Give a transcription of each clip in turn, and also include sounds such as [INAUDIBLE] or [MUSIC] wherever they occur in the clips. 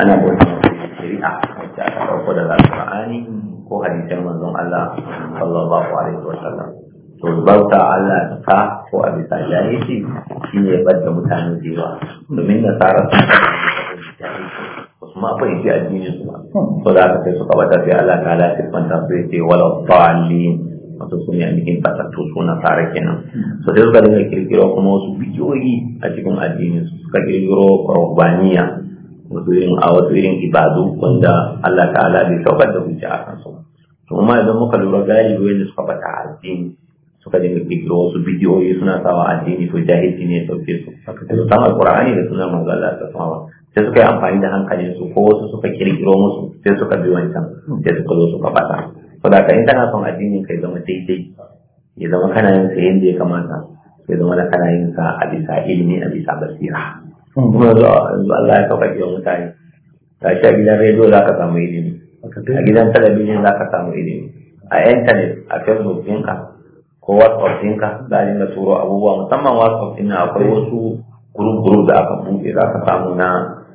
ana bauta shari'a wacce aka ɗauko daga alƙur'ani ko hadisan manzon Allah sallallahu alaihi wa sallam to bauta Allah ta ko a bisa jahilci shi ne badda mutane da yawa domin nasara sun ma fahimci addinin su ba so da aka sai suka bata sai Allah ta lafi fanta su ya ce wala dalilin wato su ne ainihin batattu su nasara kenan so sai suka dinga kirkiro kuma wasu bidiyoyi a cikin addinin su suka kirkiro kwarbaniya wasu irin a wasu irin ibadu wanda Allah ta'ala bai saukar da hujja a kan su to amma idan muka lura galibi wanda suka bata addini suka dinga kirkiro wasu bidiyoyi suna sawa addini to jahilci ne ya sauke su ta san qur'ani da sunan manzo Allah ta sama sai suka yi amfani da hankalin su ko wasu suka kirkiro musu sai suka bi wancan sai suka zo suka bata saboda in kana son addini kai ya zama daidai ya zama kana yin sa yadda ya kamata ya zama na kana yin sa a bisa ilimi a bisa basira kuma zuwa yanzu Allah ya kafa jiwa mutane ta shi a gidan rediyo za ka samu ilimi a gidan talabijin za ka samu ilimi a intanet a facebook ɗinka ko whatsapp ɗinka za a dinga turo abubuwa musamman whatsapp ɗin akwai wasu gurub da aka buɗe za ka samu na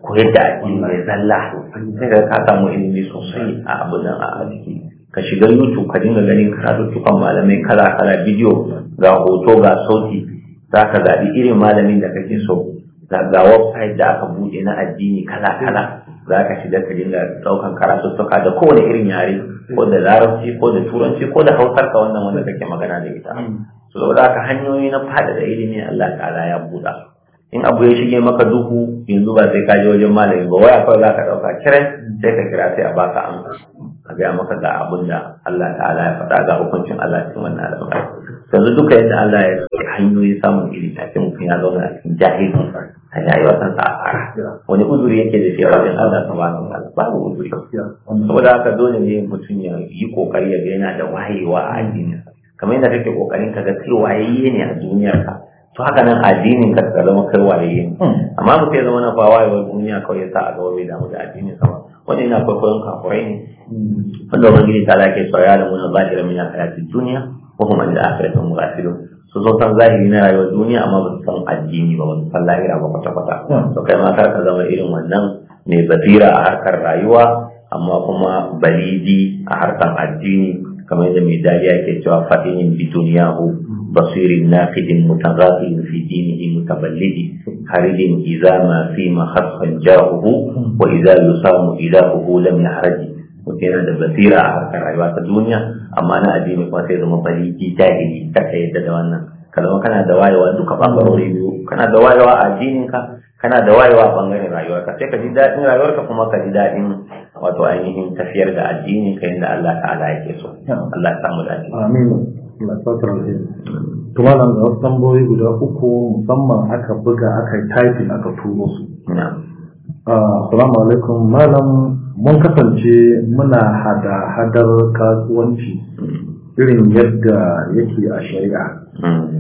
koyar da addini mai zalla sai ka ka samu ilimi sosai a abu nan a jiki ka shiga youtube ka dinga ganin karatuttukan malamai kala kala bidiyo ga hoto ga sauti za ka zaɓi irin malamin da kake so ga website da aka buɗe na addini kala-kala za ka shiga ka dinga ɗaukan karatuttuka da kowane irin yare ko da larabci ko da turanci ko da hausar ka wannan wanda kake magana da ita mm. so da haka hanyoyi na faɗaɗa ilimi Allah ta'ala ya buɗa in abu ya shige maka duhu yanzu ba sai ka je wajen malami ba waya kawai za ka ɗauka kiran sai ka kira sai a baka amsa a gaya maka ga abin da Allah ta'ala ya faɗa ga hukuncin Allah cikin wannan al'amari yanzu duka yadda Allah ya yi hanyoyin samun iri a cikin mutum ya zauna a cikin jahilin, a yayi wasan sa a fara wani uzuri yake da shi a wajen Allah ta ba Allah babu uzuri saboda haka dole ne mutum ya yi kokari ya ga yana da wayewa a addinin kamar yadda kake kokarin ka ga kai wayayye ne a duniyar ka to haka nan addinin ka zama kai wayayye amma mutum ya zama na fa wayewar duniya kawai ya sa a ga bai damu da addinin sa ba wani yana kwakwaron kafurai ne wanda gini ta lake sauya da muna zahira min alhayatin duniya ko kuma da kan mughafilun su zo san zahiri na rayuwar duniya amma ba su san addini ba ba san lahira ba kwata kwata to kai ma kar ka zama irin wannan mai basira a harkar rayuwa amma kuma balidi a harkar addini kamar yadda mai dariya ke cewa fa'inin bi duniyahu بصير ناقد متغافل في دينه متبلد حرج إذا ما iza مخص جاؤه وإذا يصام إلهه لم يحرج mutum yana da basira a harkar rayuwa ta duniya amma na addini kuma sai zama baliki jahili ta ka yadda da wannan kana da wayewa duka bangarori biyu kana da wayewa a addininka kana da wayewa a bangaren rayuwarka sai ka ji daɗin kuma ka ji daɗin wato ainihin tafiyar da addinin ka yadda Allah ta'ala yake so Allah ya daɗi Allah satar alheri tambayoyi guda uku musamman aka buga aka taifi aka turo su ah, assalamu alaikum malam mun kasance muna hada hadar kasuwanci irin yadda yake a shari'a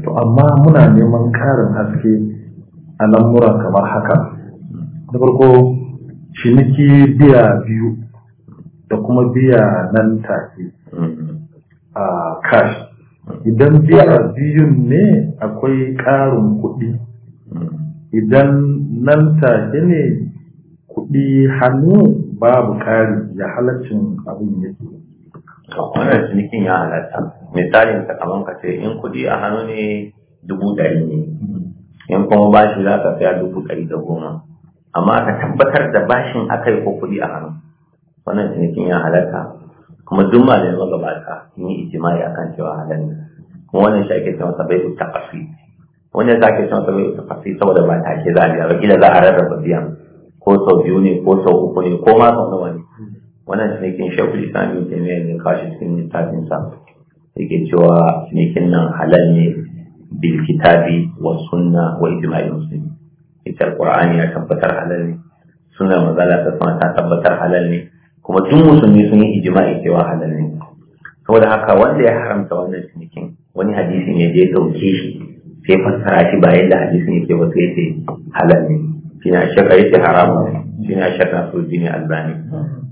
to amma muna neman karin haske a nan mura kamar haka Na farko ciniki biya biyu da kuma biya nan take mm-hmm. a ah, cash idan biya biyun ne akwai ƙarin kuɗi idan nan take ne kuɗi hannu babu ƙari ya halaccin abin yake wannan cinikin ya halatta misalin ta kamar ka ce in kuɗi a hannu ne dubu ɗari ne in kuma bashi za ka fiya dubu ɗari da goma amma ka tabbatar da bashin aka yi ko kuɗi a hannu wannan cinikin ya halatta kuma duk malamai magabata sun yi ijimai akan cewa halal ne kuma wannan shi ake cewa sabai taqafi wannan za ke cewa sabai taqafi saboda ba ta ke zabiya ba kila za a rarraba biyan ko sau biyu ne ko sau uku ne ko ma sau nawa ne wannan cinikin shekul islamin jami'a ne shi cikin littafin sa yake cewa cinikin nan halal ne bil kitabi wa sunna wa ijma'i muslimi ita alqur'ani ya tabbatar halal ne sunna manzala ta ta tabbatar halal ne kuma duk musulmi sun yi ijma'i cewa halal ne saboda haka wanda ya haramta wannan cinikin wani hadisi ne da ya dauke shi sai fassara shi ba yadda hadisin yake ba sai sai halal ne shi ne shakka yake haramun shi ne shakka su ji ne albani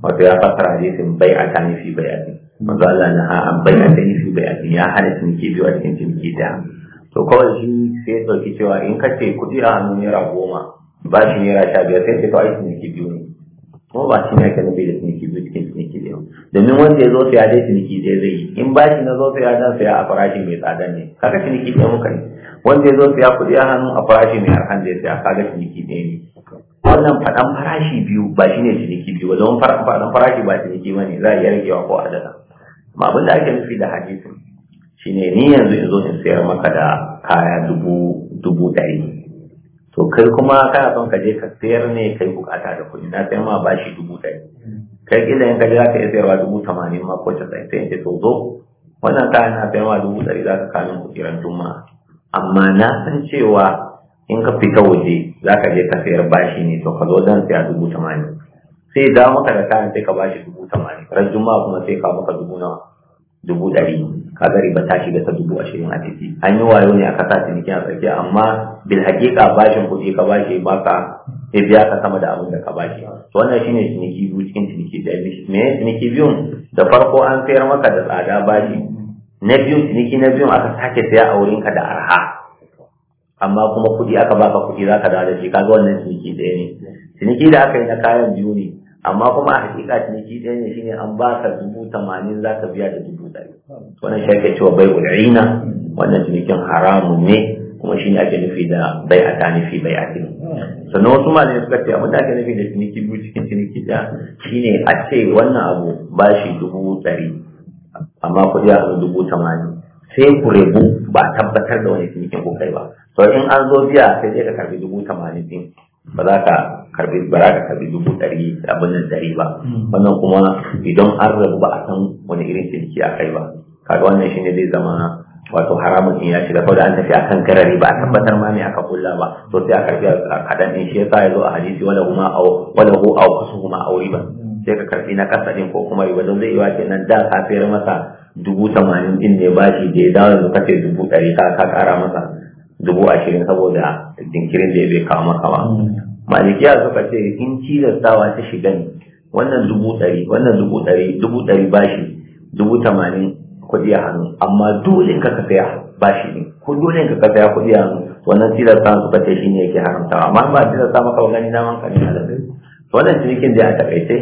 wato ya fassara hadisin bai a tani fi bai a tani manzo Allah na ha an bai a tani fi bai a ne, ya hana ciniki biyu a cikin ciniki da to kawai shi sai ya dauki cewa in ka ce kuɗi a hannun naira goma ba shi naira sha biyar sai ce to ai ciniki biyu ne kuma ba shi ne ake nufi da ciniki biyu cikin ciniki da yau domin wanda ya zo saya dai ciniki dai zai yi in ba shi na zo saya dan saya a farashi mai tsada ne kaga ciniki ɗaya muka yi wanda ya zo saya kuɗi a hannu a farashi mai arhan zai saya kaga ciniki ɗaya ne wannan faɗan farashi biyu ba shi ne ciniki biyu ba don faɗan farashi ba ciniki ba ne za a iya rikewa ko adana amma abin da ake nufi da hadisin shine ni yanzu in zo in sayar maka da kaya dubu dubu ɗari to kai kuma kana son ka je ka sayar ne kai bukata da kuɗi na sayar ma bashi dubu ɗari kai kila in ka je za ka iya sayarwa dubu tamanin ma ko casa'in sai in ce to zo wannan kayan na ma dubu ɗari za ka kamin kuɗi ran juma'a amma na san cewa in ka fita waje za ka je ka sayar bashi ne to ka zo zan saya dubu tamanin sai da maka da kayan sai ka bashi dubu tamanin ran juma'a kuma sai ka maka dubu nawa dubu ɗari kaga riba ta shiga ta dubu ashirin a ciki an yi wayo ne aka sa ciniki a tsaki amma bil hakika bashin kuɗi ka bashi baka ya biya ka sama da abin da ka bashi to wannan shine ciniki biyu cikin ciniki da me ciniki biyun da farko an sayar maka da tsada bashi na biyun ciniki na biyun aka sake saya a wurinka da arha amma kuma kuɗi aka baka kuɗi za ka dawo da shi kaga wannan ciniki ɗaya ne ciniki da aka yi na kayan biyu ne amma kuma a hakika ciniki ɗaya ne shine an ba ka dubu tamanin za ka biya da dubu ɗari wannan shi ake cewa bai ul'ina wannan cinikin haramun ne kuma shine ake nufi da bai a ta nufi bai a tini sannan wasu malamai suka ce abin da ake nufi da ciniki biyu cikin ciniki ɗaya shine a ce wannan abu ba shi dubu ɗari amma kuɗi a dubu tamanin sai ku rebu ba tabbatar da wani cinikin ku kai ba to in an zo biya sai dai ka karbi dubu tamanin din ba za ka karbi ba za ka karbi dubu ɗari abin nan dari ba hmm. wannan kuma idan an rabu ba a san wani irin ciniki a kai ba kaga wannan shine zai zama wato haramun in ya shiga da an tafi akan karari ba a tabbatar ma ne aka kulla ba to sai a karbi kaɗan ɗin shi yasa ya zo a hadisi wala huma au wala hu au kasu huma riba hmm. sai ka karbi na kasa ɗin ko kuma riba don zai yi wa kenan da ka masa dubu tamanin ɗin ne bashi da ya dawo da kace dubu ɗari ka ka ƙara masa dubu ashirin saboda jinkirin da ya bai kawo maka ba malikiya suka ce in sawa ta shiga ne wannan dubu ɗari wannan dubu ɗari dubu ɗari bashi dubu tamanin kuɗi a hannu amma dole ka ka saya bashi ne ko dole ka ka saya kuɗi a hannu wannan tilasta suka ce shi ne yake haramtawa amma ba tilasta maka ba gani naman ka ne da wannan cinikin da ya taƙaice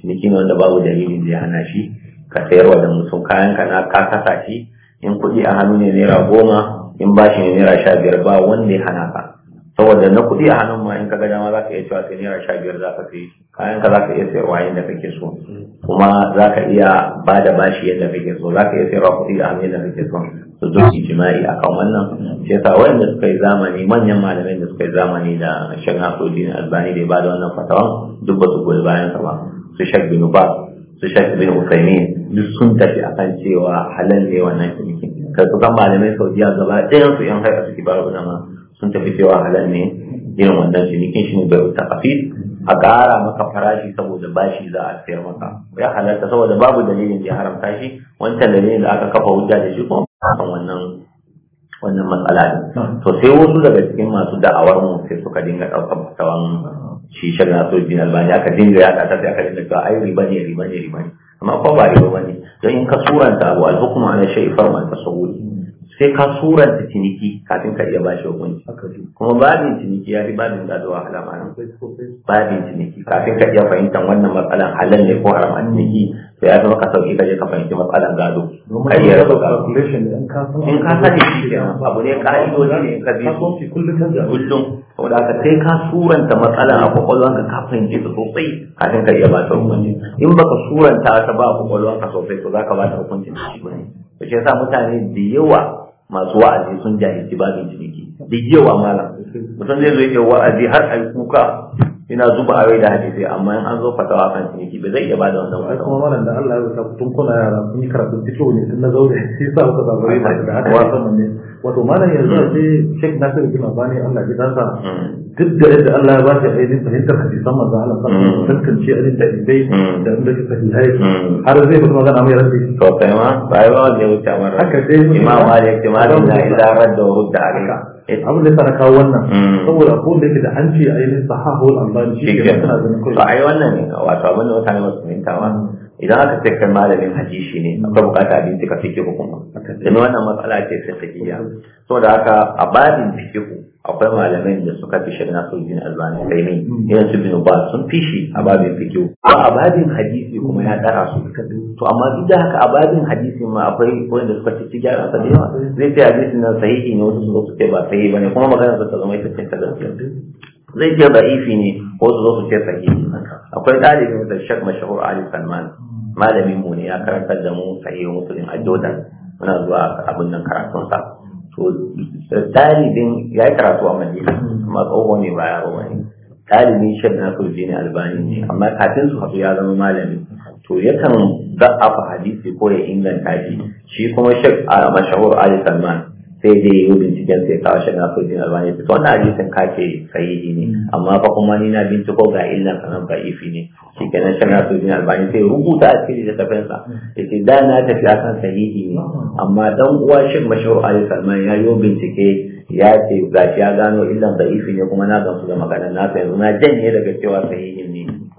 ciniki ne wanda babu dalilin da ya hana shi ka sayarwa da mutum kayan kana na ka kasa shi in kuɗi a hannu ne naira goma in ba shi naira sha biyar ba wanda ya hana ka saboda na kuɗi a hannun ma in ka ga dama za ka iya cewa sai naira sha biyar za ka sayi kayan ka za ka iya sayarwa yadda kake so kuma za ka iya ba da bashi yadda kake so za ka iya sayarwa kuɗi a hannun yadda kake so su zo su jima'i a kan wannan shi yasa wanda suka yi zamani manyan malamai da suka yi zamani da shan hasoji na albani da ya ba da wannan fatawan duk ba su goyi bayan sa ba su shak bin ba su shak bin usaini duk sun tafi akan cewa halal ne wannan ciniki ka kusan malamai saudiya gaba ɗaya, su yan haifa suke ba ma sun tafi cewa halal ne irin wannan cinikin shi ne bai wuta fit a ƙara maka farashi saboda bashi za a sayar maka ya halarta saboda babu dalilin da ya haramta shi wancan dalilin da aka kafa hujja da shi kuma kan wannan wannan matsala ne to sai wasu daga cikin masu da'awar mu sai suka dinga ɗaukar fatawan shi shaga na sojin albani aka dinga ya ta sai aka dinga cewa ai riba ne riba ne riba ne amma kuma ba riba ne don in ka suranta abu al-hukmu ala shay'i farman tasawuri sai ka suranta ciniki kafin ka iya ba shi hukunci kuma babin ciniki ya fi babin gado wahala nan. babin ciniki kafin ka iya fahimtar wannan matsalan halal ne ko haram ciniki to ya zama ka sauki ka je ka fahimci matsalan gado ka iya raba gado in ka sani shi ke Babu ne ka'idoji ne ka bi su kullum saboda haka sai ka suranta matsalan a kwakwalwanka ka fahimci su sosai kafin ka iya ba ta hukunci in baka suranta ta ba a kwakwalwanka sosai to za ka ba ta hukuncin shi ne to shi yasa mutane da yawa masu wa'azi sun jahilci babin ciniki bigewa malam mutum zai zo yake wa'azi har a yi kuka ina zuba awai da hadisi amma in an zo fatawa kan ciniki ba zai iya bada wannan wa'azi kuma malam da Allah ya saka tun kuna yara kun yi karatu fito ne tun na zaure sai sa ku zabare da haka wasan ne wato malam yanzu a ce na Nasir bin bani Allah ya dasa hmm. duk da yadda Allah ya ba shi ainihin fahimtar hadisan manzo Allah sallallahu alaihi wasallam tantance ainihin da ibai hmm. da inda shi sahihai hmm. har zai fi magana mai rabbi to kai ma sai ba wanda wuce amara haka dai Imam Malik Imam la ilaha radda wa rudda alayka abin da ya sa kawo wannan saboda ko da yake da hanci ainihin sahahul albani shi ke tana zanen kullum to yi wannan ne wato abin da mutane ba su fahimta ba idan aka ce kai malamin hadisi ne akwai bukata abin ka fiki hukuma domin wannan matsala ce sai fikiya saboda haka a babin fikihu akwai malamin da suka fi shirin asojin albani kai ne irin su bin ba sun fi shi a babin fikihu ko a babin hadisi kuma ya tsara su to amma duk da haka a babin hadisi ma akwai da suka ci gyara sa da yawa zai ce hadisin nan sahihi ne wasu su ce ba sahihi ba ne? kuma magana ta zama ita ce ta zai ce da'ifi ne wasu su ce sahihi akwai ɗalibin da shak mashahur ali salman malamin mu ne ya karantar da mu sahihu muslim a jordan muna zuwa abin nan karatun sa to dalibin ya yi karatu a madina amma tsoho ne ba yaro ba ne dalibin shek na kurji ne albani ne amma kafin su haɗu ya zama malami to yakan za'afa hadisi ko ya inganta shi shi kuma shek a mashahur ali salman sai dai yi binciken sai kawo shi na kudin albani ta wani hadisin ka ce sahihi ne mm. amma fa kuma ni na binciko ga illan kanan ba ifi ne shi nan shi na kudin albani sai rubuta a cikin da tafinsa mm. ya ce da na tafi a kan sahihi ne oh. amma dan uwa shin mashahur ali salman ya yi bincike ya ce shi ya gano illan ba ne kuma na gamsu da maganar nasa yanzu na janye daga cewa sahihi ne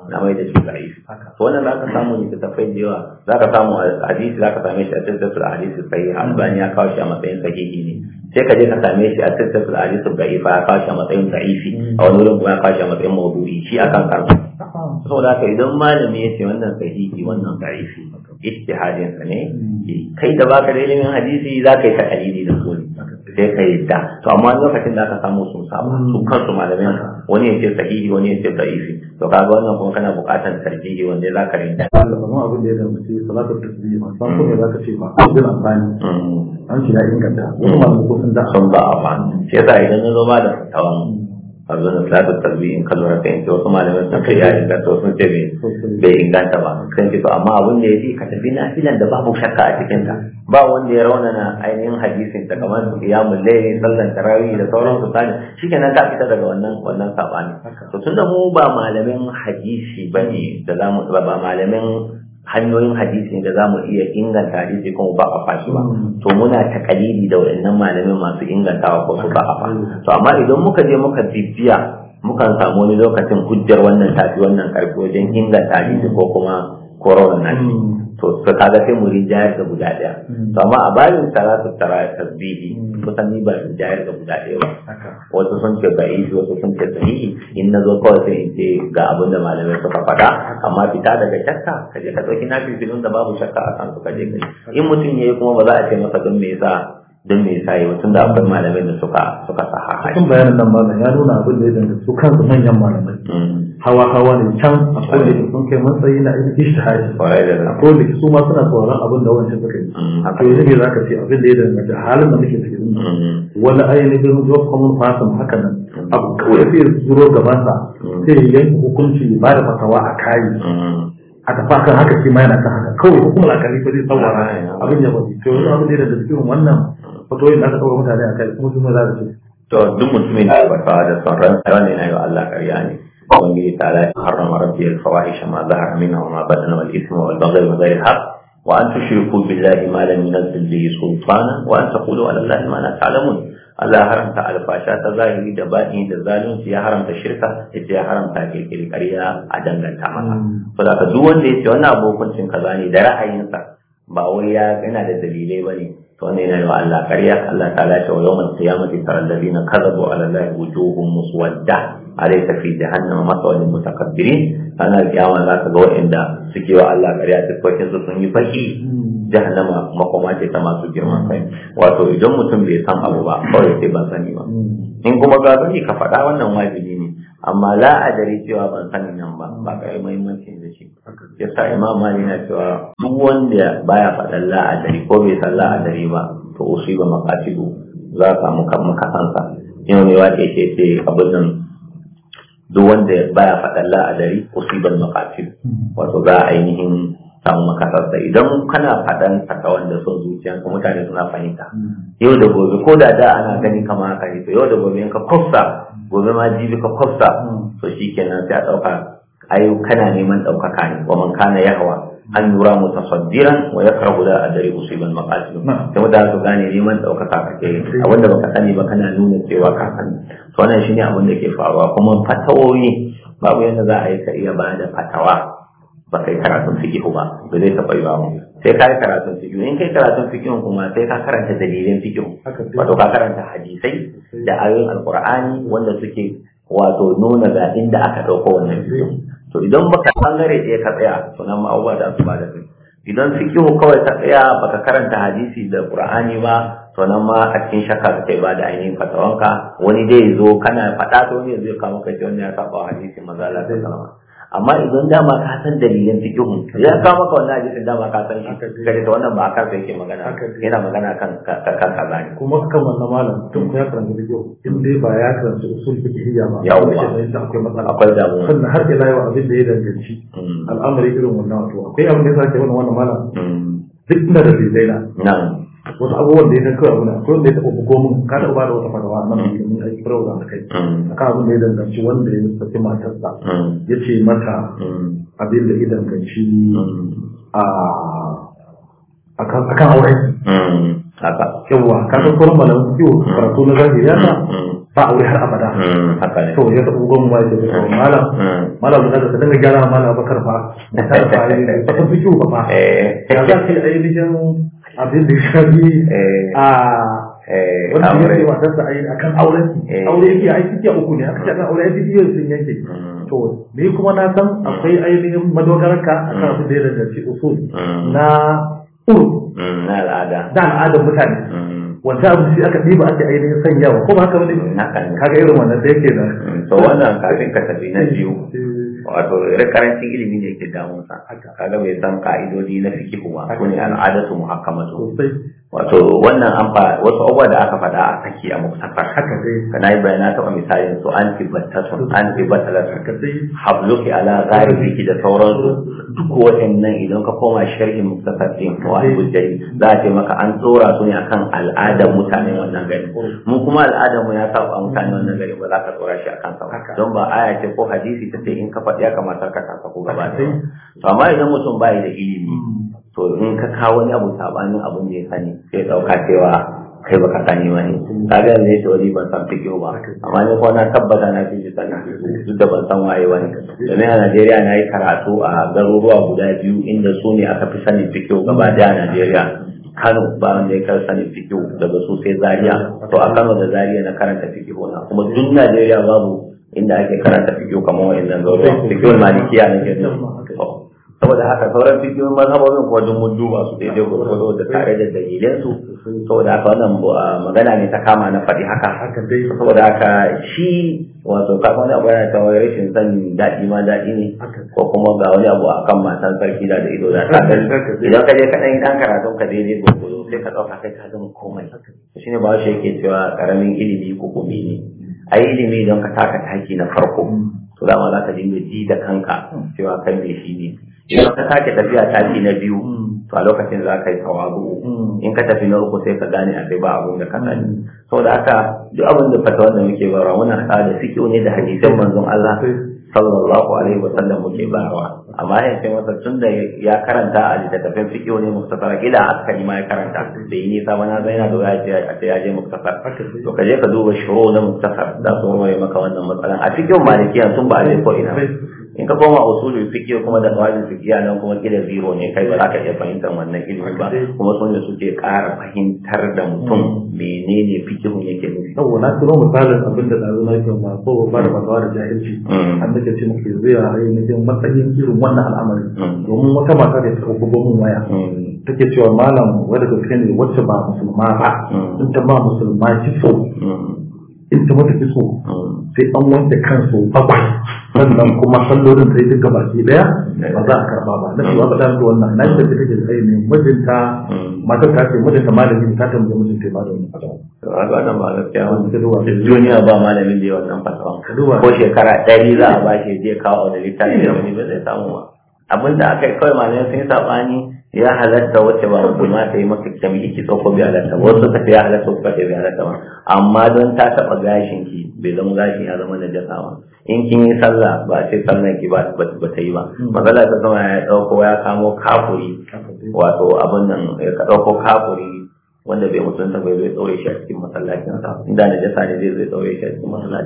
na mai da su da'if to wannan zaka samu ne tafai da yawa zaka samu hadisi zaka same shi a tattatul hadisi sahih albani ya kawo shi a matsayin sahihi ne sai ka je ka same shi a tattatul hadisi da'ifa ya kawo shi a matsayin da'ifi a wani wurin kuma ya kawo shi a matsayin mawdu'i shi akan karbu saboda haka idan malami ya ce wannan sahihi wannan da'ifi ijtihadin sa ne kai da baka da ilimin hadisi za ka yi takalidi da su ne sai ka da. to amma lokacin da aka samu sun samu su kansu malamin wani ya ce sahihi wani ya ce da'ifi to ga wannan kuma kana buƙatar tarjihi wanda za ka rinda kuma abin da ya zamace salatu tasbih ma san ko za ka ce ma abin amfani an shi mm. ya inganta mm. wasu masu kofin da sun ba amfani sai yasa idan na zo ba da fatawan abin da salatu kalbi in kalmar ka yanke wasu malamai sun kai ya inganta wasu ce bai inganta ba kan ce to amma abin da ya fi ka tafi na filan da babu shakka a cikin ka. ba wanda ya raunana ainihin hadisin ta kamar qiyamul layli sallan tarawi da sauran su shi kenan ka fita daga wannan wannan sabani to tunda mu ba malamin hadisi bane da zamu ba malamin hanyoyin hadisi da za mu iya inganta hadisi kuma ba a fashi ba hmm. to muna takalidi da waɗannan malamin masu ingantawa ko su ba a hmm. to amma idan muka je muka bibiya mukan samu wani lokacin hujjar wannan tafi wannan karfi wajen inganta hadisi ko kuma koron nati. Hmm. to ka kaga sai mu rinjayar da guda ɗaya hmm. to amma a bayan salatu tara tasbihi hmm. kusan ni ba rinjayar da guda ɗaya ba wasu sun ce ba'i wasu sun ce sahihi in na zo kawai sai in ce ga abin da malamai suka faɗa amma fita daga shakka ka je ka ɗauki na filfilin da babu shakka a kan su ka je hmm. in mutum ya yi kuma ba za a ce masa don me yasa don me yasa yi tun da akwai malamai da suka suka sahaha. Cikin bayanin nan malam ya nuna abin da ya su kansu manyan malamai. hawa hawa ne can a kone da sun kai matsayi na ishtihadi a kone su ma suna tsoron abin da wancan suka yi mm, a to ne za ka ce abin da ya danganta halin da muke cikin mm. wani ainihin job common person haka nan mm. abu kawai sai zuro gabansa sai yanke hukunci ba da fasawa a kayi a tafa kan haka shi ma yana kan haka kawai hukumar akali ba zai tsawara abin ya bari to yanzu abin da ya danganta cikin wannan fatoyin da aka ɗaura mutane a kai kuma su ma za su ce to duk mutumin da ba sa da son ran ne na yi Allah ƙarya ne وبه تعالى حرم ربي الفواحش ما ظهر منها وما بطن والإثم والبغي وغير الحق وأن تشركوا بالله ما لم ينزل به سلطانا وأن تقولوا على الله ما لا تعلمون Allah haramta alfasha ta zahiri da baɗi da zalunci ya haramta shirka ita ya haramta kirkiri a danganta masa. Mm. So da duk wanda ya ce wannan abokuncin kaza ne da ra'ayinsa ba wai ya da dalilai ba ne to ne ne wa Allah ƙarya Allah ta lafi wa yawmal qiyamati tara alladhina kadhabu ala allahi wujuhum muswadda alaysa da jahannam maswal lil mutakabbirin ana kiyama za ka ga wa'anda suke wa Allah ƙarya tukokin su sun yi faki jahannama makoma ce ta masu girman kai wato idan mutum bai san abu ba kawai sai ban sani ba in kuma ga sani ka faɗa wannan wajibi ne amma la dare cewa ban sani nan ba ba kai muhimmanci ne ya sa imam mali na cewa duk wanda baya faɗan la'adari ko bai san la'adari ba to usi ba makasidu za ka samu makasansa yau ne wace ce ce abin nan duk wanda baya faɗan la'adari usi ba makasidu wato za a ainihin samu makasarsa idan kana faɗan saka wanda son zuciyarka mutane suna fahimta yau da gobe ko da da ana gani kama haka ne to yau da gobe ka kofsa gobe ma jibi ka kofsa to shi kenan sai a ɗauka ai kana neman ɗaukaka ne wa man kana hawa an nura mutasaddiran wa yakrahu la adri usiban maqasid kuma da su gane neman ɗaukaka kake abinda baka sani ba kana nuna cewa ka sani to wannan shine abin da ke faruwa kuma fatawoyi babu yadda za a yi ka iya ba da fatawa ba kai karatun fiqh ba ba zai taɓa yi ba sai ka yi karatun fiqh in kai karatun fiqh kuma sai ka karanta dalilin fiqh wato ka karanta hadisai da ayoyin alqur'ani wanda suke wato nuna ga da aka ɗauko wannan biyu to idan baka bangare ɗaya ka tsaya to ma da su ba da kai idan fikihu kawai ta tsaya baka karanta hadisi da qur'ani ba to nan ma a cikin shakka kai ba da ainihin fatawanka wani dai zo kana faɗa to ne zai kawo kai wani ya saba hadisi maza Allah ta amma idan dama ka san dalilin fikihun ya ka maka wannan da dama ka san shi kaje ta wannan ba a kansa yake magana yana magana kan kan kaza ne kuma kan wannan malam tun ku ya karanta fikihu in dai ba ya karanta usul fikihiyya ba ya wuce da akwai matsala akwai damuwa sannan har ila yau abin da ya danganci hmm. al'amari irin wannan to akwai abin da ya wannan malam hmm. duk da dalilai na na'am wasu abubuwan da ya kai kawai abuna ko da ya taɓa bugo mun ka taɓa bada da wata fatawa a nan mun kai program da kai mm. kan abin da ya danganci wanda ya saki matarsa mm. ya ce mata mm. abin da ya danganci a kan aure yawwa yawa ka san kurin malam yau karatu na zahiri ya ba aure har abada haka to ya taɓa bugo mun wai da malam malam da ka dinga gyara malam bakar fa ta ba ya ta fi ba eh. ya za ka yi ainihin abin da ya shafi eh, a ah, eh, wanda ya ce matarsa a kan auren eh. aure yake a cikin uku ne aka ce akan aure yake yin sun yanke mm. to ni kuma na san akwai ainihin madogararka a kan abin da ya danganci usul mm. na uru mm. na al'ada da al'adar mutane wanda abu shi aka ɗiba ake ainihin sanyawa kuma haka wani kaga irin wannan da yake nan to wannan kafin ka tafi na biyu wato irin karancin ilimi ne yake damunsa kaga bai san ka'idodi na fikihu ba ko ne al'adatu muhakkamatu wato wannan an fa wasu abubuwa da aka faɗa a saki a muktasar haka dai kana yi bayana taɓa misalin su an fi battatun an fi battalar habluki ala gari da sauransu duk waɗannan idan ka koma shirin muktasar ɗin wa hujjai za a ce maka an tsora su ne akan al'adar mutane wannan gari mu kuma al'adar mu ya saba mutane wannan gari ba za ka tsora shi akan sa don ba aya ce ko hadisi ta ce in ka faɗi ya kamata ka kasa ko gaba ɗaya to amma idan mutum bai da ilimi hmm. to in ka kawo wani abu sabanin abin da ya sani sai dauka cewa kai baka sani ba ne ka ga ne to wani ban san fikiyo ba amma ni ko na tabbata na fi sani duk da ban san waye ba ne domin a Najeriya na yi karatu a garuruwa guda biyu inda su ne aka fi sanin fikiyo gaba daya a Najeriya Kano ba wanda ya kar sanin fikiyo daga su sai Zaria to a Kano da Zaria na karanta fikiyo na kuma duk Najeriya babu inda ake karanta fikiyo kamar nan garuruwa fikiyo malikiya na ke saboda haka sauran fikiyoyin mazhabobin kuwa duk mun duba su daidai gwargwado da tare da dalilan su saboda haka wannan ah, magana ne ta kama na faɗi haka saboda haka shi wato ka wani abu yana tawaye rashin sanin daɗi ma daɗi ne ko kuma ga wani abu a kan matan sarki da ido da ta idan ka je ka ɗan ɗan karatun ka daidai gwargwado sai ka ɗauka kai ka gama komai shi ne ba shi yake cewa ƙaramin ilimi ko hukumi ne a ilimi don ka taka taki na farko mm. to dama za ka dinga ji da kanka mm. cewa kai me shi ne idan ka sake tafiya tashi na biyu hmm, to a lokacin za ka yi tawabu hmm, in ka tafi na uku sai ka gane a ba abun da aka sani hmm. saboda haka duk abin da fata wanda muke bara muna sa da suke ne da hadisan manzon Allah sallallahu alaihi wa sallam muke barawa amma yayin sai masa tun da ya karanta a littattafin fikiyo ne muktasar kila aka yi ma ya karanta da yi nisa bana zai na dogara a ce je to ka je ka duba shiro na muktasar za su mai maka wannan matsalan a cikin malikiyan sun ba ne ko ina in ka koma usulul fiqh kuma da qawaidul fiqh nan kuma kida zero ne kai ba za ka iya fahimtar wannan ilimi ba kuma sun da suke ƙara fahimtar da mutum hmm. menene fiqh yake nufi to na tsoro misalin abin da dazu na kyau ma ko ba da fatawa da jahilci hmm. an nake ce muke zuwa a ainihin matsayin irin wannan al'amari hmm. domin wata mata da ta bugo min waya take cewa malam wadda gaske ne wacce ba musulma ba in ta ba musulma ki so. in ta mata so. sai an wanke kansu bakwai sannan kuma sallolin sai duka baki daya ba za a karba ba na shiwa ba ta su wannan na shi take da ainihin mijinta matar ta ce mijinta malamin ta tambaye mijinta ya ba da wani fatawa a ga wannan ba gaskiya wani kaduwa duniya ba malamin da ya wannan fatawa ko shekara ɗari za a ba shi je kawo da littafi da wani ba zai samu ba abinda da aka yi kawai malamin sun yi saɓani ya halatta wacce ba ma ta yi maka kyami ki ko bai halatta wasu ta ya halatta ko ta bai halatta ba amma don ta taba gashin ki bai zama gashin ya zama jasa ba in kin yi sallah ba sai sallan ki ba ba ta yi ba hmm. matsala ta zama ya dauko ya kamo kafuri wato abin nan ya dauko kafuri wanda bai mutunta bai zai ɗaure shi a cikin sa inda jasa ne zai zai ɗaure shi a cikin sa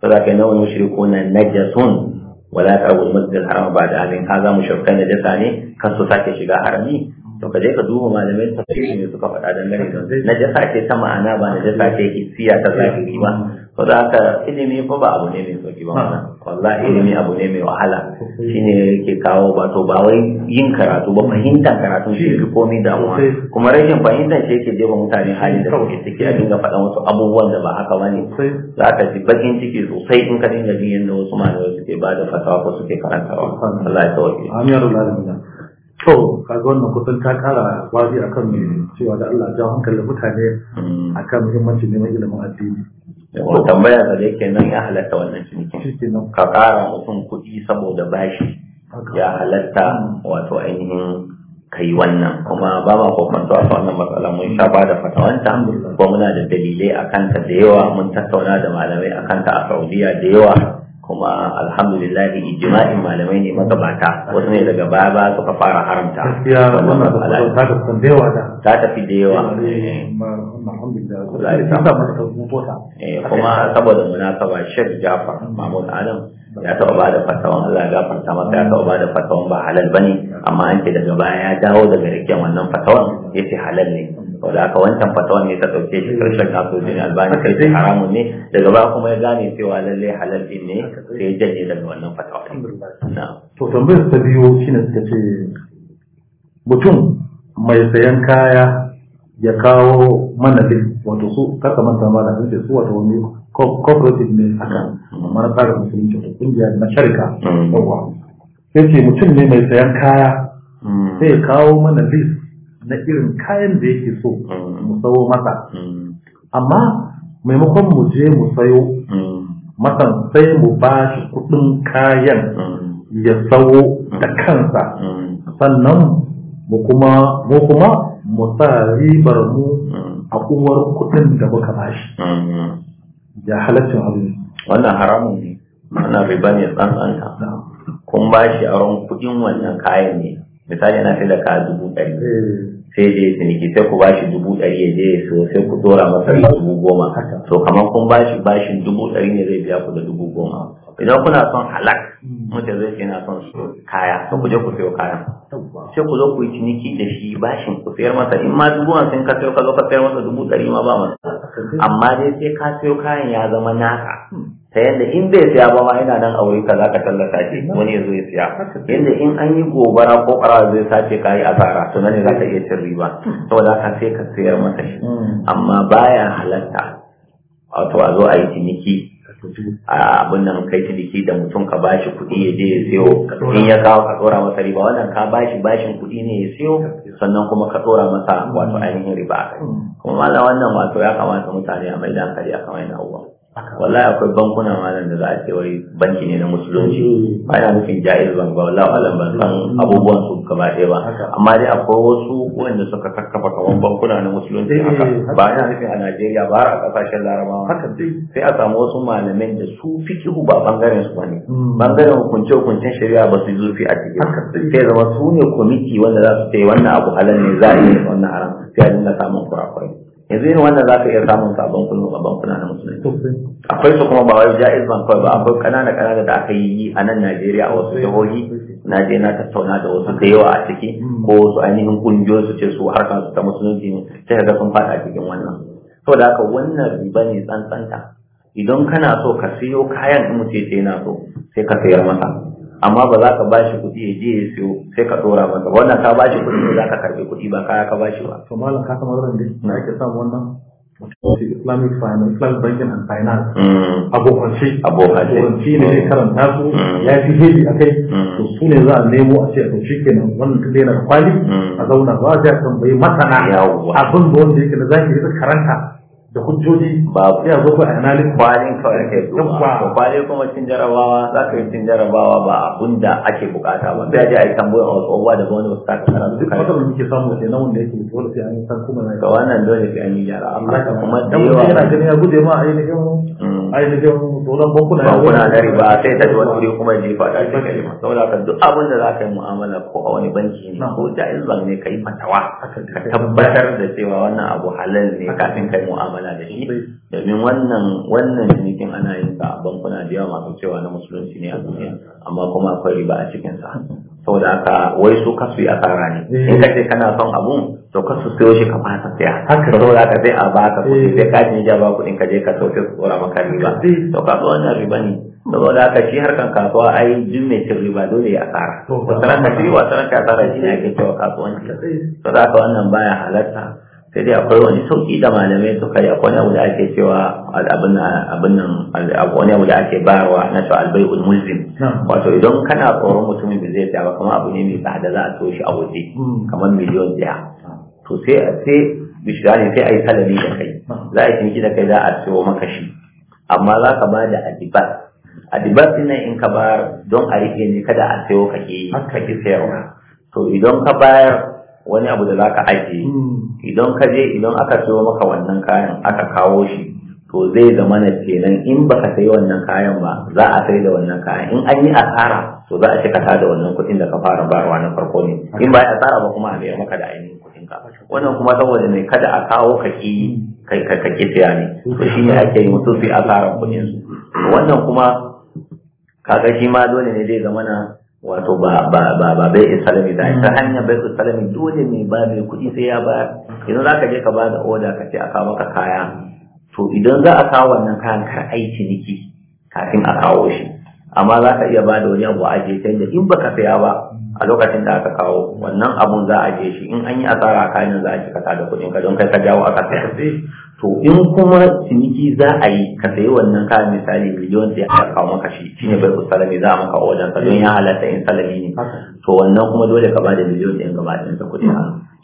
saboda kai nawa mushriku na najasun wala ta gudu haram ba da amin ka za shirka na jasa ne kan su sake shiga harami to ka je ka duba malamai tafsiri ne suka faɗa dangane da najasa ce ta ma'ana ba najasa ce siya ta zaki ba ko da haka ilimi fa ba abu ne mai sauki ba wallahi ilimi abu ne mai wahala shine yake kawo ba to ba wai yin karatu ba fahimtar karatu shi ke komai damuwa kuma rashin fahimtar shi yake jefa mutane hali da suke ciki a dinga faɗa wasu abubuwan da ba haka ba ne za ka ji bakin ciki sosai in ka dinga jin yadda wasu malamai suke ba da fatawa ko suke karantawa Allah ya tawaye. Amin ya rabbal alamin. to kaga wannan kusan ta kara wazi akan cewa da Allah ja hankalin mutane hmm. akan muhimmanci neman ilimin addini yawa tambaya da yake nan ya halatta wannan cinikin ka kara mutum kuɗi saboda bashi ya halatta wato ainihin kai wannan kuma ba ma kokonto a wannan matsala mun sha ba da fatawanta ko muna da dalilai akan ta da yawa mun tattauna da malamai akan ta a Saudiya da yawa kuma alhamdulillah ijma'in malamai ne magabata wasu ne daga baya ba suka fara haramta gaskiya wannan da kuma ta da ta tafi da yawa eh, eh, kuma [LAUGHS] saboda munasaba shek jafar mahmud adam ya taɓa ba da fatawan Allah ya gafarta masa ya taɓa ba da fatawan ba halal bane amma an ce daga baya ya dawo daga rikin wannan fatawan ya ce halal ne da aka wancan fatawan ne ta ɗauke shi karshen kasuwancin albani kai haramun ne daga baya kuma ya gane cewa lallai halal din ne sai ya janye daga wannan fatawan. to tambayar ta biyu shine suka ce mutum mai sayan kaya ya kawo mana list wato su kasa manta ma da ce su wato wani cooperative ne haka amma na tsarin musulunci wato kungiya na sharika mm. yawa sai ce mutum ne mai sayan kaya mm. sai ya kawo mana list na irin kayan da yake so mm. mu sayo masa amma maimakon mu je mu sayo masan sai mu ba shi kudin kayan ya sayo da kansa sannan mu kuma mu sa ribar mu mm. a kuwar kuɗin da muka bashi mm. ya halaccin abu ne wannan haramun ne ma'ana riba ne tsantsanta kun bashi ran kudin wannan kayan ne misali na sai ka dubu ɗari eh. sai je ciniki sai ku bashi dubu ɗari ya je so sai ku dora masa dubu goma to kamar kun bashi bashin dubu ɗari ne zai biya ku da dubu goma idan kuna son halak hmm. mutum zai ce yana son su kaya to ku je ku sayo kaya sai ku zo ku yi ciniki da shi bashin ku sayar masa in ma dubu hamsin ka sayo ka zo ka sayar masa dubu ɗari ma ba masa amma dai sai ka sayo kayan ya zama naka hmm. ta yadda in bai siya ba ma ina nan aure ka zaka tallata shi hmm. wani ya zo ya siya yadda in an yi gobara ko ƙara zai sace ka yi asara to nan ne za ka iya cin riba saboda ka sai ka sayar masa shi amma baya halatta wato a zo a yi ciniki abin nan kai ciniki da mutum ka bashi kuɗi ya je ya siyo in ya kawo ka ɗora masa riba wannan ka bashi bashin kuɗi ne ya siyo sannan kuma ka ɗora masa wato ainihin riba a kai mm. kuma malam wannan wato ya kamata mutane a mai da hankali a kamar yana uwa wallahi akwai bankuna malam da za a ce wai banki ne na musulunci ba ya nufin jaiz ban ba wallahi alam ban san abubuwan su gaba ɗaya ba amma dai akwai wasu wanda suka kakkafa kaman bankuna na musulunci eh, haka ba yana nufin a Najeriya ba a kasashen Larabawa haka sai a samu wasu malamin da su fiki ba bangaren su bane bangaren hmm. hukunce hukuncen shari'a ba su zurfi a cikin sai zama su ne kwamiti wanda za su ce wannan abu halal ne za a yi wannan haram sai a dinga samun kurakurai yanzu yin wannan za ka iya samun sabon a bankuna a bankuna na musulunci akwai su kuma ba wai jaiz ban kawai ba akwai kanana kanana da aka yi a nan najeriya a wasu jihohi na je na tattauna da wasu da yawa a ciki hmm. ko wasu ainihin kungiyoyi su ce su harkar su ta musulunci sai ka ga sun faɗa cikin wannan da haka wannan riba ne tsantsanta idan kana so ka siyo kayan in mutum yana so sai ka sayar masa amma ba za ka ba shi kuɗi ya je ya siyo sai ka ɗora masa wannan ka ba shi kuɗi za ka karɓi kuɗi ba kaya ka ba shi ba. to malam ka kama dai Na ake samu wannan Islamic finance, Islamic banking and finance. Mm. Abokance. Abokance. Abokance ne ya karanta su mm. ya fi hebi a kai. Mm. To su ne za a nemo a ce to shi kenan wannan tunda yana kwali a zauna ba za a tambayi masana A abin da wanda yake da zaki yi karanta da hujjoji ba ya zo ku analysis kwalin kawai kai duba kwalin kuma cin jarabawa za ka yi cin jarabawa ba abun ake bukata ba sai a je a wasu tambayar al'uwa da wani wasu taka kara duk wata da muke samu sai nan wanda yake dole sai an san kuma na ga wannan dole sai an yi yara amma kuma da yawa yana ganin ya guje ma ainihin mm. ainihin tsoron bankuna ya bankuna na riba sai ta wani wuri kuma ya jefa ta cikin kalima saboda haka duk abin da za ka yi mu'amala ko a wani banki ne ko jaiz bank ne ka yi fatawa ka tabbatar da cewa wannan abu halal ne kafin ka yi mu'amala da shi domin wannan wannan cinikin ana yin sa a bankuna da yawa masu cewa na musulunci ne a duniya amma kuma akwai riba a cikin sa saboda haka wai su kasu ya tsara ne eh. in ka ce kana son abun to ka su sayo shi ka ba ta saya haka saboda ka sai a ba ka kuɗi eh. sai ka ja ba kuɗin ka je ka sauke su tsora maka riba eh. to ka zo wannan riba ne saboda ka shi harkan kasuwa ai jin mai cin riba dole ya tsara to ran ka shiri wa ran ka tsara shi ne ake cewa kasuwanci eh. to za ka wannan baya halarta sai dai akwai wani sauki da malamai suka yi akwai wani da ake cewa abin nan wani da ake bayarwa na cewa albai ulmulzim wato idan kana tsoron mutumin da zai tsaya ba kamar abu ne mai tsada za a so shi a waje hmm. kamar miliyon daya to sai a sai bishirani sai a yi salari da kai za a ciniki da kai za a siyo maka shi amma za ka ba da adibas adibas ɗin in ka bayar don a rike ne kada a siyo ka ke ka ki sayarwa to idan ka bayar wani abu da za ka ajiye hmm. idan ka je idan aka siyo maka wannan kayan aka kawo shi to zai zama na kenan in baka sayi wannan kayan ba za a sai da wannan kayan in an yi asara to za a shi da wannan kuɗin da ka fara bayarwa na farko ne in ba asara ba kuma a maka da ainihin wannan kuma saboda ne kada a kawo ka ki ka ki ne to shi ne ake yi mutum sai asaran kuɗin su wannan kuma kaga shi ma dole ne zai zama na wato ba ba ba ba bai isalami da ita hanyar bai salami dole ne ba mai kuɗi sai ya ba idan zaka je ka ba da oda ka ce a kawo maka kaya to idan za a kawo wannan kayan kar aiki niki kafin a kawo shi amma za ka iya ba da wani abu a je canja in baka saya ba a lokacin da aka kawo wannan abun za a je shi in an yi asara a kayan za a ci kasa da kuɗin ka don kai ka jawo aka sayar to in kuma ciniki za a yi ka sayi wannan kayan misali miliyon sai a kawo maka shi shine bai ku salami za a maka wajen ka don ya halatta in salami ne to wannan kuma dole ka ba da miliyon ɗin gaba ɗin sa kuɗin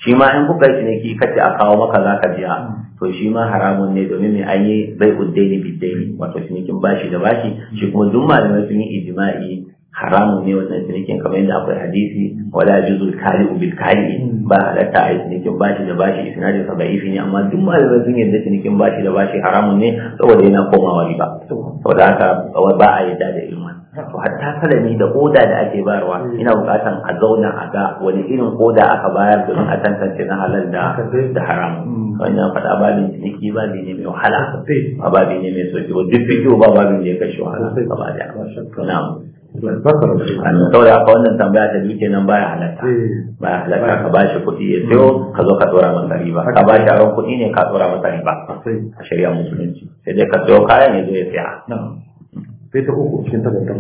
shi ma in kuka ciniki kace a kawo maka za ka biya to shi ma haramun ne domin mai an yi bai bi daini wato cinikin bashi da bashi shi kuma duk malamai sun yi ijima'i haramun ne wannan cinikin kamar yadda akwai hadisi wala juzul kari bil kari ba halatta a cinikin bashi da bashi isnadin sa bai ne amma duk malamai sun yadda cinikin bashi da bashi haramun ne saboda yana komawa riba saboda haka ba a yadda da ilimin, to hatta kalami da koda da ake bayarwa ina bukatan a zauna a ga wani irin koda aka bayar domin a tantance na halal da da haram wannan faɗa babin ciniki babi ne mai wahala ba babi ne mai sauki ba duk fikiyo ba babin da ya kashe wahala gaba da na'am an saboda haka wannan tambaya ta biyu kenan baya halatta eh. baya halatta ka bashi kuɗi ya siyo hmm. ka zo ka tsora masa riba ka bashi aron kuɗi ne ka tsora masa riba a shari'a musulunci sai dai ka siyo kayan ya zo ya siya sai ta uku cikin takardar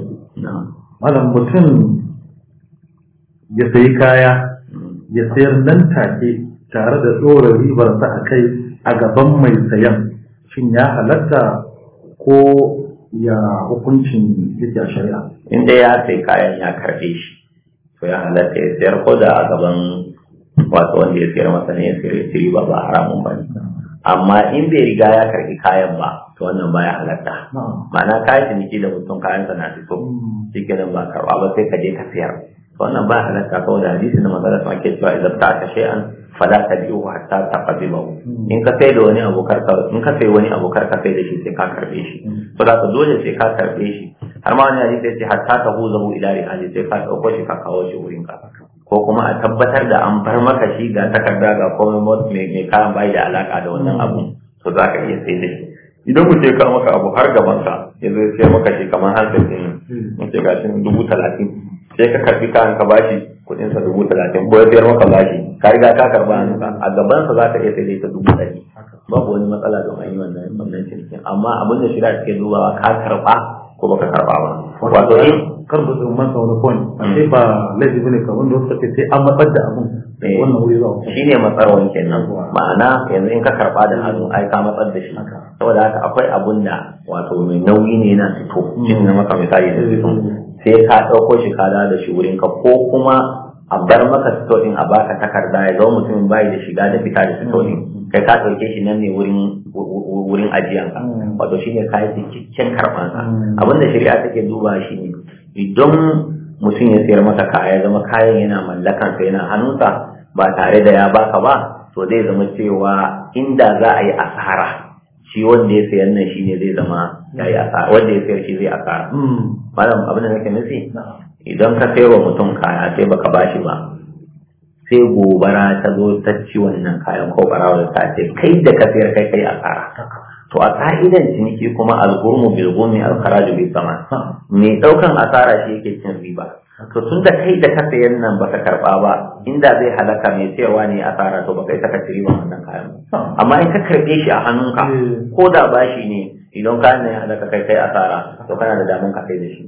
malam mutum ya sayi kaya ya sayar nan take tare da ɗora ribarsa a kai a gaban mai sayan shin ya halatta ko ya hukuncin yake shari'a in ya sai kayan ya karbe shi to ya halatta ya sayar ko da a gaban wato wanda ya sayar masa ne ya sayar ya sayar ba ba haramun ba amma in bai riga ya karbi kayan ba to wannan ba ya halatta ma'ana kayan ciniki da mutum kayan sana na fito hmm. shi nan ba karba ba sai ka je ka sayar to wannan ya halatta saboda hadisi na magana sama ke cewa idan ta ka shay'an fala ta biyo hatta ta qabilahu in ka sai da wani abokar ka in ka sai wani abokar ka sai da shi sai ka karbe shi to za ka dole sai ka karbe shi har ma wani hadisi sai hatta ta huzahu ila ali sai ka dauko shi ka kawo shi wurin ka ko kuma a tabbatar da an bar maka shi ga takarda ga komai me mai kayan bai da alaka da wannan abu to za ka iya sai da shi idan ku ce ka maka abu har gaban ka zai sai maka shi kamar hansa ne hmm. Mun ce ga shi dubu talatin sai ka karbi kayan ka bashi dubu talatin ko ya biyar maka bashi ka riga ka karba a gaban sa za ka iya sai ta dubu ɗari babu wani matsala don an yi wannan wannan cikin amma abin da shirya suke dubawa ka karba ko baka karba ba wato in karba su man sa wani point sai ba laifi bane ka wanda wasu ce sai an matsar da abun eh, wannan wuri za Shi ne matsarwan kenan ma'ana yanzu in ka karba da hannu ai ka matsar da shi saboda haka akwai abun da wato mai nauyi ne na fito shi na maka misali da mm. sai ka ɗauko shi ka da shi wurinka ko kuma a bar maka sito a baka takarda ya zama mutumin bai da shiga da fita da sito mm. kai ka dauke shi nan ne wurin wurin ajiyan mm. wato shine ne cikakken karban ka mm. abin da shari'a take duba shi ne idan mutum ya sayar maka kaya ya zama kayan yana mallakan sa yana hannunsa ba tare da ya baka ba to zai zama cewa inda za a yi asara shi wanda ya sayan nan shi ne zai zama ya yi asara wanda ya sayar shi zai asara hmm, malam abin da nake nufi idan ka sayar wa mutum kaya sai baka bashi ba sai gobara ta zo ta ci wannan kayan ko barawar ta ce kai da ka sayar kai kai asara to a ka'idan ciniki kuma algurmu bil gumi alkharaju bi mai ɗaukan asara shi yake cin riba to tun da kai da ka sayan nan baka karba ba inda zai halaka mai sayarwa ne a tsara to baka isa ka ci ba wannan kayan hmm. amma in ka karbe shi a hannunka hmm. ko da bashi ne idan kayan ne halaka kai kai asara to kana da damun ka sai da shi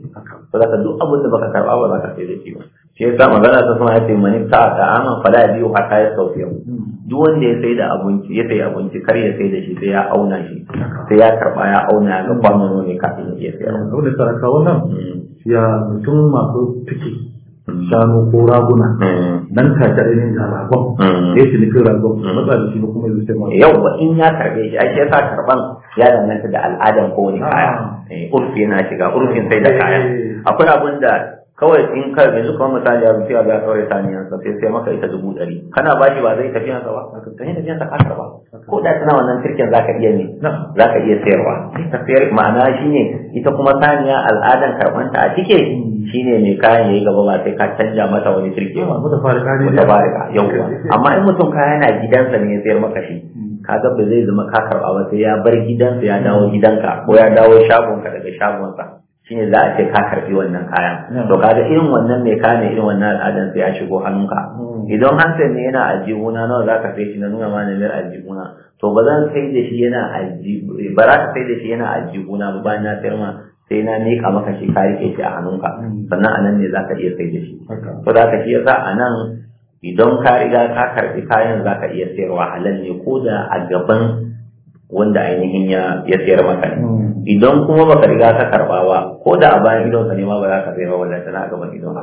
to zaka duk abin da baka karba ba zaka sai da shi ba shi yasa magana ta sama yace mani ta ta aman fala biyu a kai sauya duk wanda ya sai da abinci ya sai abinci kar ya sai da shi sai ya auna shi sai ya karba ya auna ya ga kwano ne kafin ya sayar. Dole sarakawa nan. Hmm. ya mutum masu ciki shanu ko raguna mm. nan ka ta ainihin da ragon ya mm. ce nufin ragon matsa mm. shi kuma yanzu sai mawa yau in ya karbe shi ake sa karban ya danganta da al'adar ko wani kaya ah. eh, urfi yana shiga urfin sai da kaya eh. akwai abin da kawai in ka yanzu kamar misali ya zuciya ga kawai saniyan sa sai sai maka ita dubu ɗari kana ba shi ba zai tafi haka ba ka yi tafiya ta kasar ba ko da kana wannan kirkin zaka iya ne zaka iya sayarwa ta sayar ma'ana shine ita kuma saniya al'adan karban ta a cike shine mai kayan yayi gaba ba sai ka canja mata wani kirki ba farka ne mutafarika yauwa amma in mutum kaya yana gidansa ne ya sayar maka shi hmm. kaga ba zai zama ka karba ba sai ya bar gidansa ya dawo gidanka ko ya dawo shagonka daga shagonsa shine za a ce ka karbi wannan kayan to kaga irin wannan mai ne? irin wannan al'adan sai ya shigo hannunka hmm. idan hansen ne yana aljihuna nawa za ka sai shi na nuna mana mai aljihuna to ba zan sai da shi yana aljihuna ba za ka sai da shi yana aljihuna ba bayan na sayar ma sai na miƙa maka shi ka rike shi a hannunka hmm. sannan a nan ne za ka iya sai da shi to za ka shi yasa a nan idan ka riga ka karbi kayan za ka iya sayarwa halal ne ko da a gaban wanda ainihin ya ya sayar maka ne hmm. idan kuma baka riga ka karba ba ko da a bayan idon ne ma ba za ka zai ba wallahi tana a gaban idon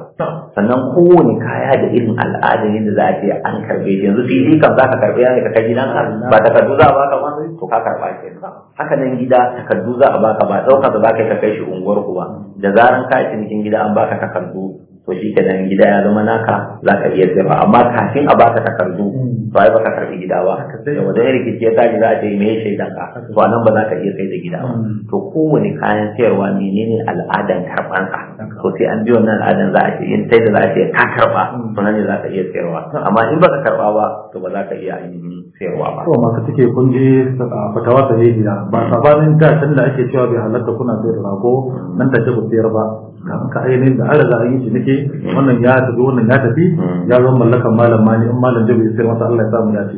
sannan kowane kaya da irin al'ada yadda za a ce an karbe shi yanzu fili kan za ka karbe ya ne ka kai gidan ba takardu za a baka ba to ka karba shi haka nan gida takardu za a baka ba ɗaukar da za ka kai shi unguwar ku ba da zaran ka cikin gida an baka takardu to shi kenan gida ya zama naka za ka iya zama amma kafin a baka takardu hmm. to ai baka karbi gida ba yawa don rikici ya tashi za a ce me shaidan ka to a nan ba za ka iya kai da gida ba hmm. to kowane kayan sayarwa menene al'adan karban ka to sai an bi wannan al'adan za a ce in sai da za a ce ka karba to nan ne za ka iya sayarwa amma in baka karba ba to ba za ka iya ainihin sayarwa ba. to masu take kun je fatawa gida ba sabanin da tunda da ake cewa bai halatta kuna sayar rago nan da ce ku sayar ba da haka ainihin da an raza yi ciniki wannan ya tafi wannan ya tafi ya zama mallakan malam mani in malam da bai sai masa Allah ya samu ya ce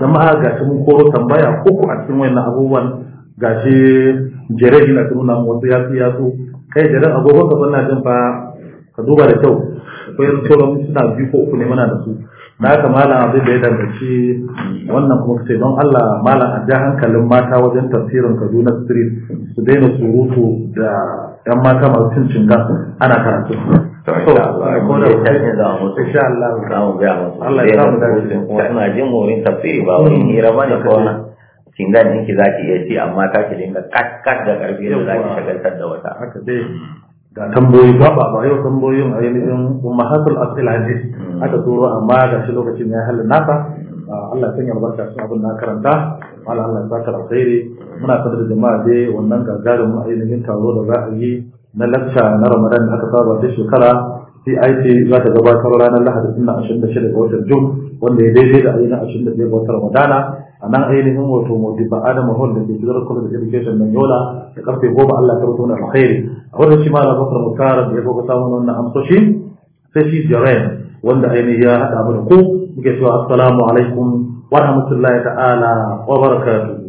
jama'a ga shi mun koro tambaya ko a cikin wannan abubuwan ga shi jere na nuna mu wasu ya ya so kai jere agogon ka sannan jin fa ka duba da kyau akwai yanzu sauran suna biyu ko uku ne mana da su na haka malam abin da ya dangaci wannan kuma ce don Allah malam a ja hankalin mata wajen tafsirin Kaduna Street su daina surutu da yan mata masu cin cinga ana karatu. Allah Kuma jin ba hmm. ne cingan ɗinki za ki iya ci amma ta ki dinga kat kat da ƙarfi da za ki shagaltar da wata. Haka dai. Hmm. ga tamboyi ba ba ba yau tamboyin a yanayin mahasul asila ne hmm. aka turo amma ga shi lokacin ya halin nasa hmm. ah, Allah sanya albarka sun abin na karanta wala Allah ya saka alkhairi muna sadar da jama'a dai wannan gagarumin ainihin taro da za a yi na lacca na Ramadan da aka saba ta shekara CIT za ta gabatar ranar Lahadi suna 26 ga watan Jun wanda ya daidai da ayyana 25 ga watan Ramadana a nan ainihin wato modifa adam hall da ke shigar college education mai yola da karfe goma allah ta wutuna alkhairi a wannan shi malam bakar mutara da ya kuka samun wannan amsoshi sai shi jiren wanda ainihin ya haɗa mu da ku muke cewa assalamu alaikum wa ta'ala wa barakatuh